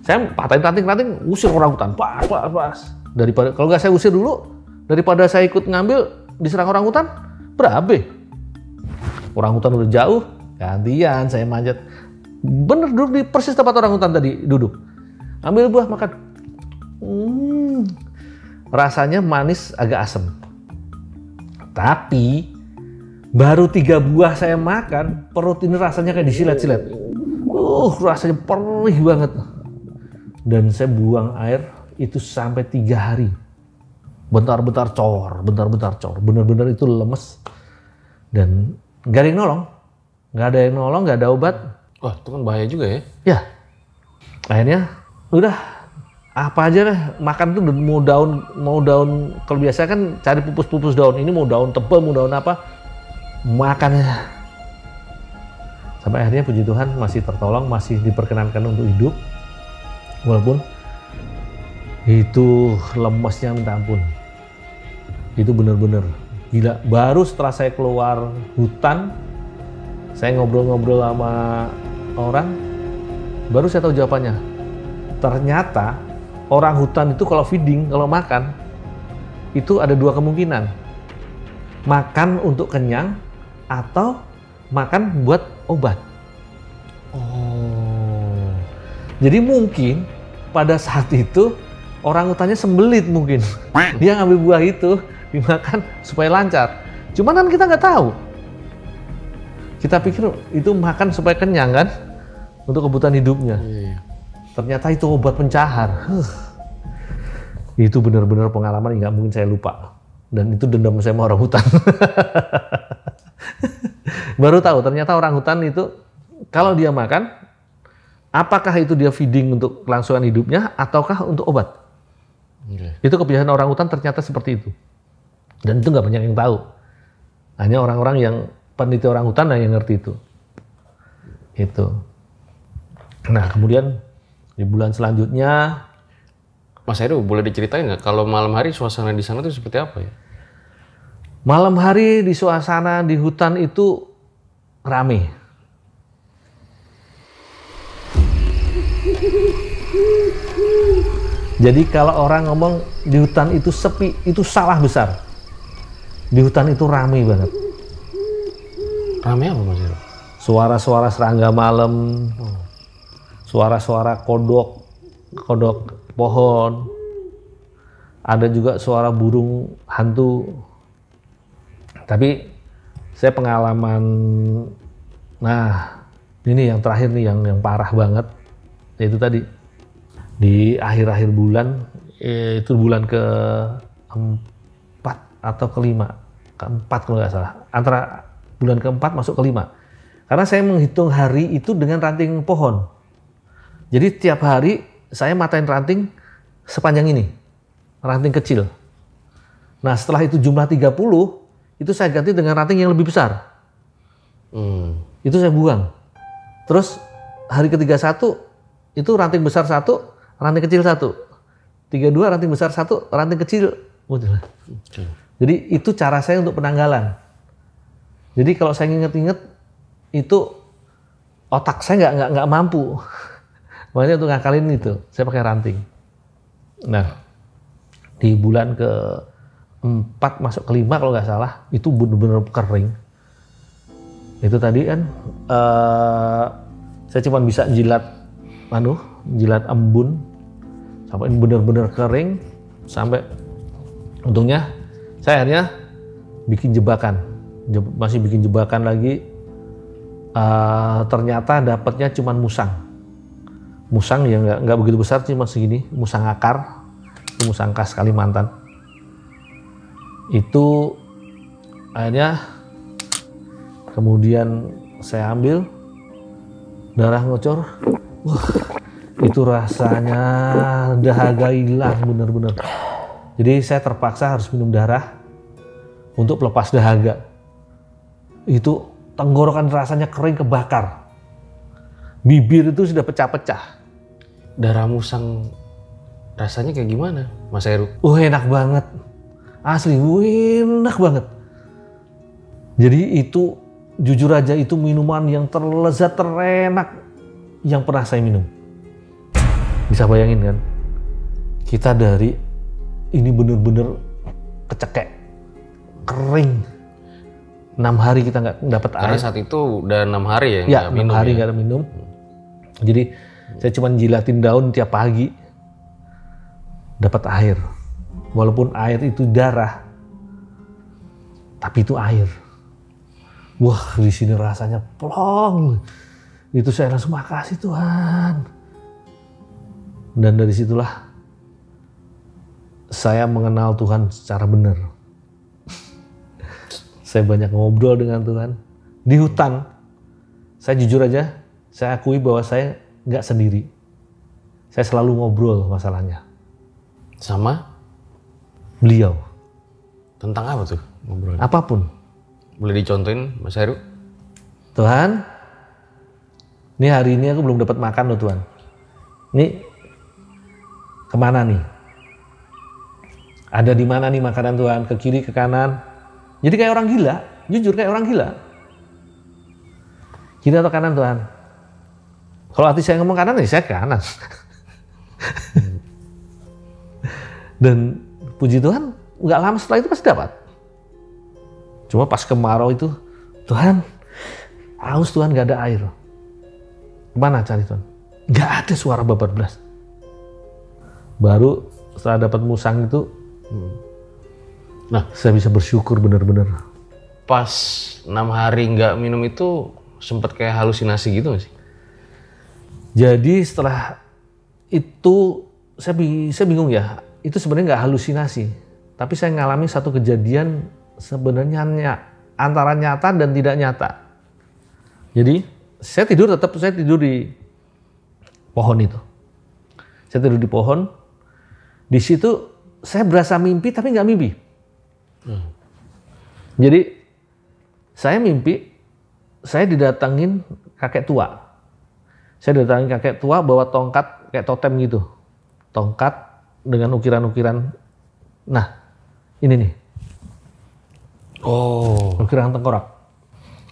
saya patahin ranting ranting usir orang hutan pas pas pas daripada kalau nggak saya usir dulu daripada saya ikut ngambil diserang orang hutan berabe orang hutan udah jauh gantian saya manjat bener duduk di persis tempat orang hutan tadi duduk ambil buah makan hmm, rasanya manis agak asem tapi baru tiga buah saya makan, perut ini rasanya kayak disilet-silet. Uh, rasanya perih banget. Dan saya buang air itu sampai tiga hari. Bentar-bentar cor, bentar-bentar cor. Benar-benar itu lemes. Dan gak ada yang nolong. gak ada yang nolong, gak ada obat. Wah, itu kan bahaya juga ya. Ya. Akhirnya, udah apa aja deh makan tuh mau daun mau daun kalau biasa kan cari pupus-pupus daun ini mau daun tebal mau daun apa makannya sampai akhirnya puji Tuhan masih tertolong masih diperkenankan untuk hidup walaupun itu lemesnya minta ampun itu bener-bener gila baru setelah saya keluar hutan saya ngobrol-ngobrol sama orang baru saya tahu jawabannya ternyata orang hutan itu kalau feeding, kalau makan, itu ada dua kemungkinan. Makan untuk kenyang atau makan buat obat. Oh. Jadi mungkin pada saat itu orang hutannya sembelit mungkin. Dia ngambil buah itu dimakan supaya lancar. Cuman kan kita nggak tahu. Kita pikir itu makan supaya kenyang kan untuk kebutuhan hidupnya. Yeah. Iya ternyata itu obat pencahar itu benar-benar pengalaman yang nggak mungkin saya lupa dan itu dendam saya sama orang hutan [LAUGHS] baru tahu ternyata orang hutan itu kalau dia makan apakah itu dia feeding untuk kelangsungan hidupnya ataukah untuk obat Gila. itu kebiasaan orang hutan ternyata seperti itu dan itu nggak banyak yang tahu hanya orang-orang yang peneliti orang hutan yang ngerti itu itu nah kemudian di bulan selanjutnya Mas Heru, boleh diceritain nggak kalau malam hari suasana di sana itu seperti apa ya? Malam hari di suasana di hutan itu rame. Jadi kalau orang ngomong di hutan itu sepi, itu salah besar. Di hutan itu rame banget. Rame apa Mas Heru? Suara-suara serangga malam. Oh suara-suara kodok kodok pohon ada juga suara burung hantu tapi saya pengalaman nah ini yang terakhir nih yang yang parah banget yaitu tadi di akhir-akhir bulan eh, itu bulan ke empat atau kelima keempat kalau nggak salah antara bulan keempat masuk kelima karena saya menghitung hari itu dengan ranting pohon jadi tiap hari saya matain ranting sepanjang ini. Ranting kecil. Nah setelah itu jumlah 30, itu saya ganti dengan ranting yang lebih besar. Hmm. Itu saya buang. Terus hari ketiga satu, itu ranting besar satu, ranting kecil satu. Tiga dua ranting besar satu, ranting kecil. Okay. Jadi itu cara saya untuk penanggalan. Jadi kalau saya inget-inget, itu otak saya nggak nggak mampu. Makanya untuk ngakalin itu, saya pakai ranting. Nah, di bulan ke empat masuk kelima kalau nggak salah, itu benar-benar kering. Itu tadi kan, uh, saya cuma bisa jilat, anu, jilat embun, sampai benar-benar kering, sampai untungnya saya akhirnya bikin jebakan, masih bikin jebakan lagi. Uh, ternyata dapatnya cuma musang musang yang nggak begitu besar sih masih gini musang akar musang khas Kalimantan itu akhirnya kemudian saya ambil darah ngocor wah itu rasanya dahaga hilang bener-bener jadi saya terpaksa harus minum darah untuk pelepas dahaga itu tenggorokan rasanya kering kebakar bibir itu sudah pecah-pecah darah musang rasanya kayak gimana, Mas Heru? Uh, enak banget. Asli, uh, enak banget. Jadi itu jujur aja itu minuman yang terlezat terenak yang pernah saya minum. Bisa bayangin kan? Kita dari ini bener-bener kecekek, kering. 6 hari kita nggak dapat air. Karena saat itu udah enam hari ya? Ya, 6 minum hari ya. nggak ya? ada minum. Jadi saya cuma jilatin daun tiap pagi. Dapat air. Walaupun air itu darah. Tapi itu air. Wah, di sini rasanya plong. Itu saya langsung makasih Tuhan. Dan dari situlah saya mengenal Tuhan secara benar. [LAUGHS] Saya banyak ngobrol dengan Tuhan. Di hutan, saya jujur aja, saya akui bahwa saya nggak sendiri. Saya selalu ngobrol masalahnya. Sama? Beliau. Tentang apa tuh ngobrol? Apapun. Boleh dicontohin Mas Heru? Tuhan, ini hari ini aku belum dapat makan loh Tuhan. Ini kemana nih? Ada di mana nih makanan Tuhan? Ke kiri, ke kanan. Jadi kayak orang gila, jujur kayak orang gila. Kiri atau kanan Tuhan? Kalau hati saya ngomong kanan, ya saya kanan. Dan puji Tuhan, nggak lama setelah itu pasti dapat. Cuma pas kemarau itu, Tuhan, haus Tuhan nggak ada air. Kemana cari Tuhan? Nggak ada suara babat belas. Baru setelah dapat musang itu, nah saya bisa bersyukur benar-benar. Pas enam hari nggak minum itu sempat kayak halusinasi gitu nggak sih? Jadi setelah itu saya, saya bingung ya, itu sebenarnya nggak halusinasi. Tapi saya ngalami satu kejadian sebenarnya antara nyata dan tidak nyata. Jadi saya tidur tetap saya tidur di pohon itu. Saya tidur di pohon. Di situ saya berasa mimpi tapi nggak mimpi. Hmm. Jadi saya mimpi saya didatengin kakek tua saya datangi kakek tua bawa tongkat kayak totem gitu. Tongkat dengan ukiran-ukiran. Nah, ini nih. Oh. Ukiran tengkorak.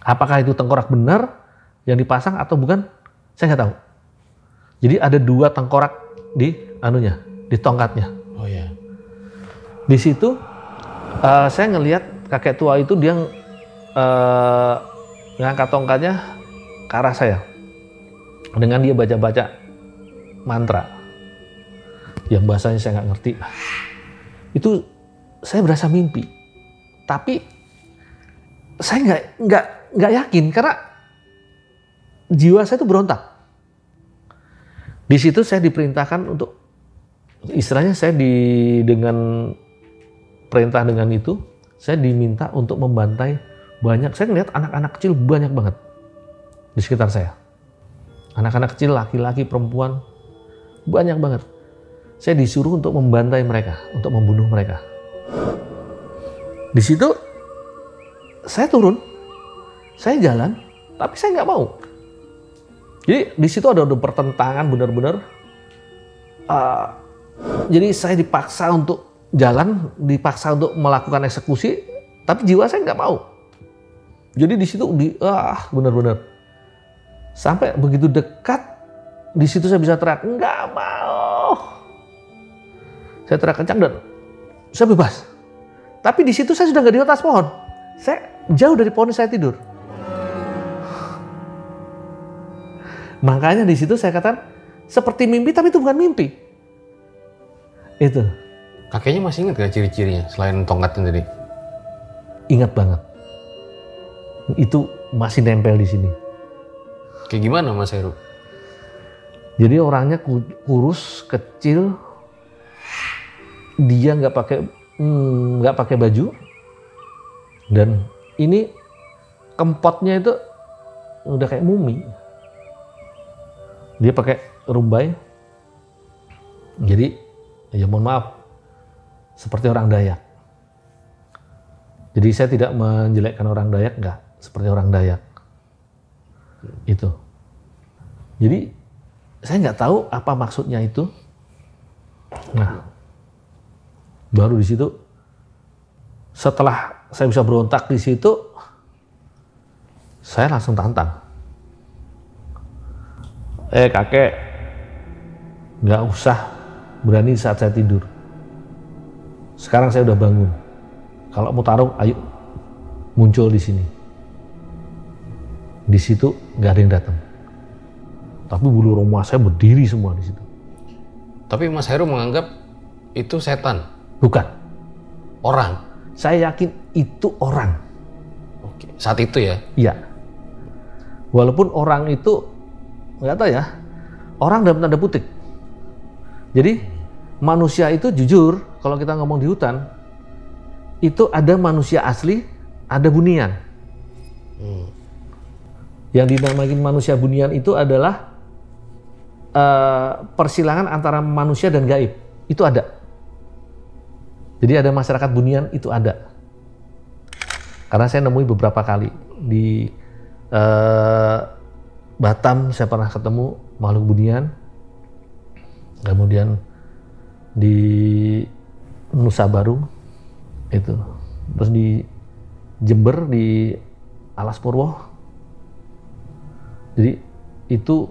Apakah itu tengkorak benar yang dipasang atau bukan? Saya nggak tahu. Jadi ada dua tengkorak di anunya, di tongkatnya. Oh ya. Yeah. Di situ uh, saya ngelihat kakek tua itu dia uh, ngangkat tongkatnya ke arah saya dengan dia baca-baca mantra yang bahasanya saya nggak ngerti itu saya berasa mimpi tapi saya nggak nggak nggak yakin karena jiwa saya itu berontak di situ saya diperintahkan untuk istilahnya saya di dengan perintah dengan itu saya diminta untuk membantai banyak saya ngelihat anak-anak kecil banyak banget di sekitar saya Anak-anak kecil, laki-laki, perempuan, banyak banget. Saya disuruh untuk membantai mereka, untuk membunuh mereka. Di situ saya turun, saya jalan, tapi saya nggak mau. Jadi di situ ada, ada pertentangan benar-benar. Uh, jadi saya dipaksa untuk jalan, dipaksa untuk melakukan eksekusi, tapi jiwa saya nggak mau. Jadi di situ di ah benar-benar Sampai begitu dekat, di situ saya bisa teriak, nggak mau. Saya teriak kencang dan saya bebas. Tapi di situ saya sudah nggak di atas pohon. Saya jauh dari pohon saya tidur. Makanya di situ saya katakan seperti mimpi tapi itu bukan mimpi. Itu. Kakeknya masih ingat gak ciri-cirinya selain tongkatnya tadi? Ingat banget. Itu masih nempel di sini. Kayak gimana Mas Heru? Jadi orangnya kurus, kecil, dia nggak pakai hmm, nggak hmm, pakai baju dan ini kempotnya itu udah kayak mumi. Dia pakai rumbai. Jadi ya mohon maaf seperti orang Dayak. Jadi saya tidak menjelekkan orang Dayak, enggak. Seperti orang Dayak itu. Jadi saya nggak tahu apa maksudnya itu. Nah, baru di situ setelah saya bisa berontak di situ, saya langsung tantang. Eh kakek, nggak usah berani saat saya tidur. Sekarang saya udah bangun. Kalau mau taruh, ayo muncul di sini di situ nggak ada yang datang. Tapi bulu roma saya berdiri semua di situ. Tapi Mas Heru menganggap itu setan. Bukan. Orang. Saya yakin itu orang. Oke. Saat itu ya? Iya. Walaupun orang itu nggak tahu ya, orang dalam tanda putih. Jadi manusia itu jujur kalau kita ngomong di hutan itu ada manusia asli, ada bunian yang dinamakan manusia bunian itu adalah uh, persilangan antara manusia dan gaib. Itu ada. Jadi ada masyarakat bunian itu ada. Karena saya nemui beberapa kali di uh, Batam saya pernah ketemu makhluk bunian. Kemudian di Nusa Baru itu. Terus di Jember di Alas Purwo jadi itu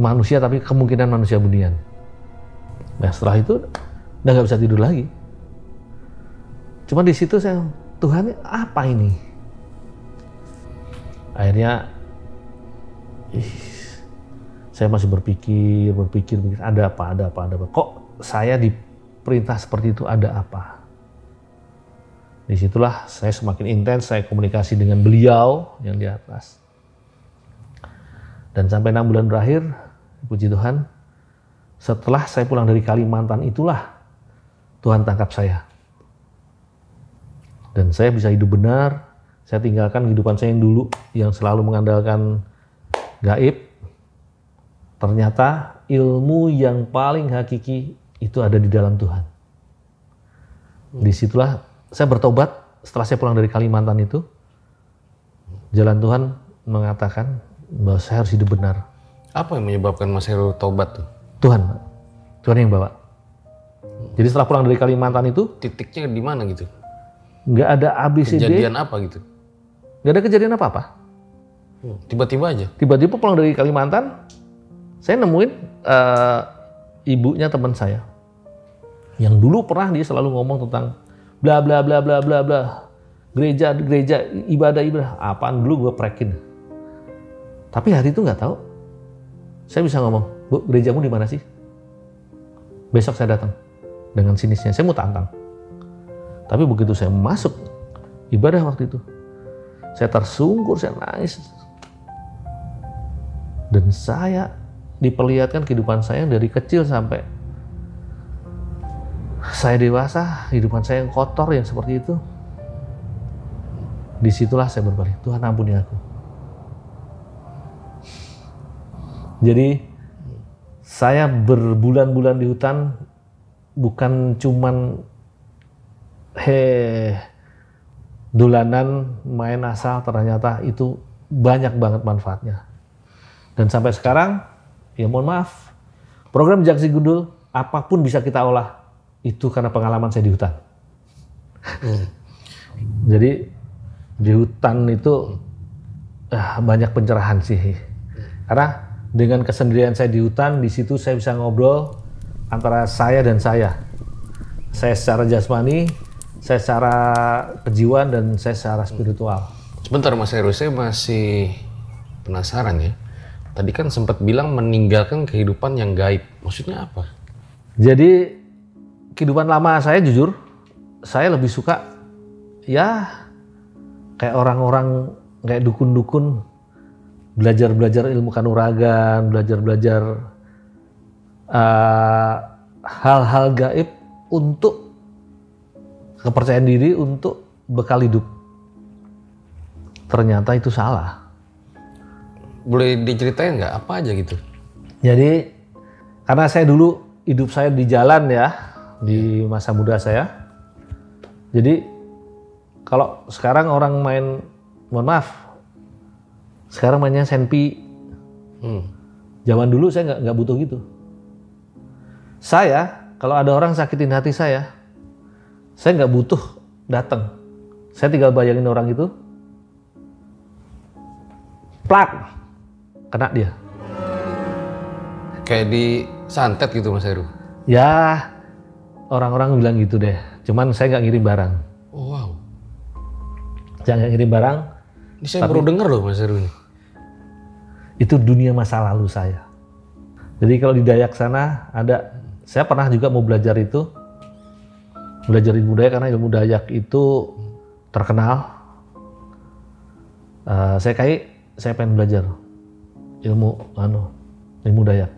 manusia tapi kemungkinan manusia bunian. Nah setelah itu udah nggak bisa tidur lagi. Cuma di situ saya Tuhan ini apa ini? Akhirnya ih, saya masih berpikir, berpikir, berpikir ada apa, ada apa, ada apa. Kok saya diperintah seperti itu ada apa? Disitulah saya semakin intens saya komunikasi dengan beliau yang di atas. Dan sampai enam bulan berakhir, puji Tuhan, setelah saya pulang dari Kalimantan itulah Tuhan tangkap saya. Dan saya bisa hidup benar, saya tinggalkan kehidupan saya yang dulu, yang selalu mengandalkan gaib. Ternyata ilmu yang paling hakiki itu ada di dalam Tuhan. Disitulah saya bertobat setelah saya pulang dari Kalimantan itu. Jalan Tuhan mengatakan, bahwa saya harus hidup benar. Apa yang menyebabkan Mas Heru tobat tuh? Tuhan, Tuhan yang bawa. Jadi setelah pulang dari Kalimantan itu titiknya di mana gitu? Gak ada abis Kejadian apa gitu? Gak ada kejadian apa-apa. Oh, tiba-tiba aja. Tiba-tiba pulang dari Kalimantan, saya nemuin uh, ibunya teman saya yang dulu pernah dia selalu ngomong tentang bla bla bla bla bla bla gereja gereja ibadah ibadah apaan dulu gue prekin tapi hari itu nggak tahu. Saya bisa ngomong, Bu, gerejamu di mana sih? Besok saya datang. Dengan sinisnya, saya mau tantang. Tapi begitu saya masuk ibadah waktu itu, saya tersungkur, saya nangis. Dan saya diperlihatkan kehidupan saya yang dari kecil sampai saya dewasa, kehidupan saya yang kotor, yang seperti itu. Disitulah saya berbalik, Tuhan ampuni aku Jadi saya berbulan-bulan di hutan bukan cuman he dolanan main asal ternyata itu banyak banget manfaatnya. Dan sampai sekarang ya mohon maaf program Jaksi Gundul apapun bisa kita olah itu karena pengalaman saya di hutan. Hmm. Jadi di hutan itu ah, banyak pencerahan sih. Karena dengan kesendirian saya di hutan, di situ saya bisa ngobrol antara saya dan saya. Saya secara jasmani, saya secara kejiwaan, dan saya secara spiritual. Sebentar Mas Heru, saya masih penasaran ya. Tadi kan sempat bilang meninggalkan kehidupan yang gaib. Maksudnya apa? Jadi kehidupan lama saya jujur, saya lebih suka ya kayak orang-orang kayak dukun-dukun belajar-belajar ilmu kanuragan, belajar-belajar hal eh, hal-hal gaib untuk kepercayaan diri untuk bekal hidup. Ternyata itu salah. Boleh diceritain nggak apa aja gitu? Jadi karena saya dulu hidup saya di jalan ya di iya. masa muda saya. Jadi kalau sekarang orang main mohon maaf sekarang mainnya senpi. Hmm. Zaman dulu saya nggak nggak butuh gitu. Saya kalau ada orang sakitin hati saya, saya nggak butuh datang. Saya tinggal bayangin orang itu, plak, kena dia. Kayak di santet gitu Mas Heru? Ya, orang-orang bilang gitu deh. Cuman saya nggak ngirim barang. Oh, wow. jangan ngirim barang. Ini saya tapi... baru dengar loh Mas Heru ini itu dunia masa lalu saya. Jadi kalau di Dayak sana ada, saya pernah juga mau belajar itu, belajar ilmu Dayak karena ilmu Dayak itu terkenal. Uh, saya kayak saya pengen belajar ilmu anu ilmu Dayak.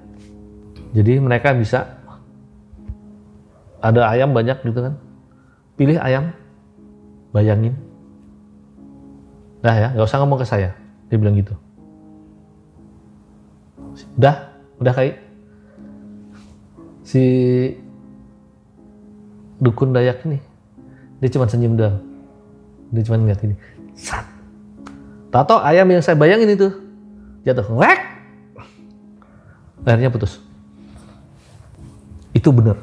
Jadi mereka bisa ada ayam banyak gitu kan, pilih ayam, bayangin. Nah ya, nggak usah ngomong ke saya, dia bilang gitu. Udah, udah kayak si dukun Dayak ini dia cuma senyum doang dia cuma ngeliat ini sat tato ayam yang saya bayangin itu jatuh wek lehernya putus itu bener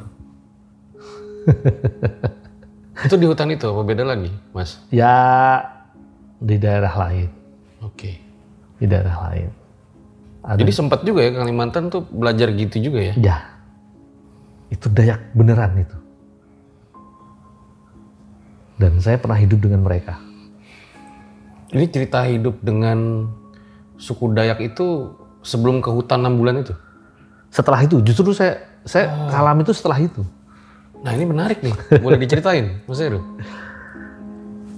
[LAUGHS] itu di hutan itu apa beda lagi mas ya di daerah lain oke okay. di daerah lain ada. Jadi sempat juga ya Kalimantan tuh belajar gitu juga ya? Ya. Itu Dayak beneran itu. Dan saya pernah hidup dengan mereka. Ini cerita hidup dengan suku Dayak itu sebelum ke hutan 6 bulan itu? Setelah itu, justru saya saya oh. kalam itu setelah itu. Nah ini menarik nih, boleh diceritain [LAUGHS] Mas Heru?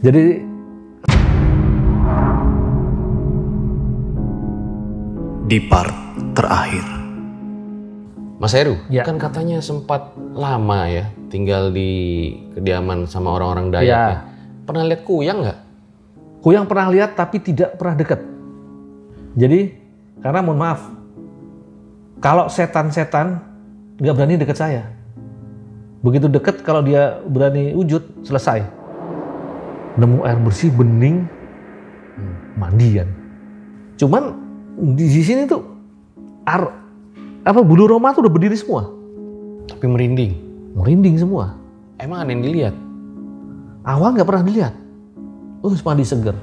Jadi di part terakhir. Mas Heru, ya. kan katanya sempat lama ya tinggal di kediaman sama orang-orang Dayak. Ya. Ya. Pernah lihat kuyang nggak? Kuyang pernah lihat tapi tidak pernah dekat. Jadi karena mohon maaf, kalau setan-setan nggak berani deket saya. Begitu deket kalau dia berani wujud selesai. Nemu air bersih bening hmm. mandian. Cuman di sini tuh ar, apa bulu Roma tuh udah berdiri semua. Tapi merinding. Merinding semua. Emang ada yang dilihat? Awal nggak pernah dilihat. Terus oh, mandi seger.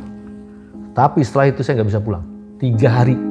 Tapi setelah itu saya nggak bisa pulang. Tiga hari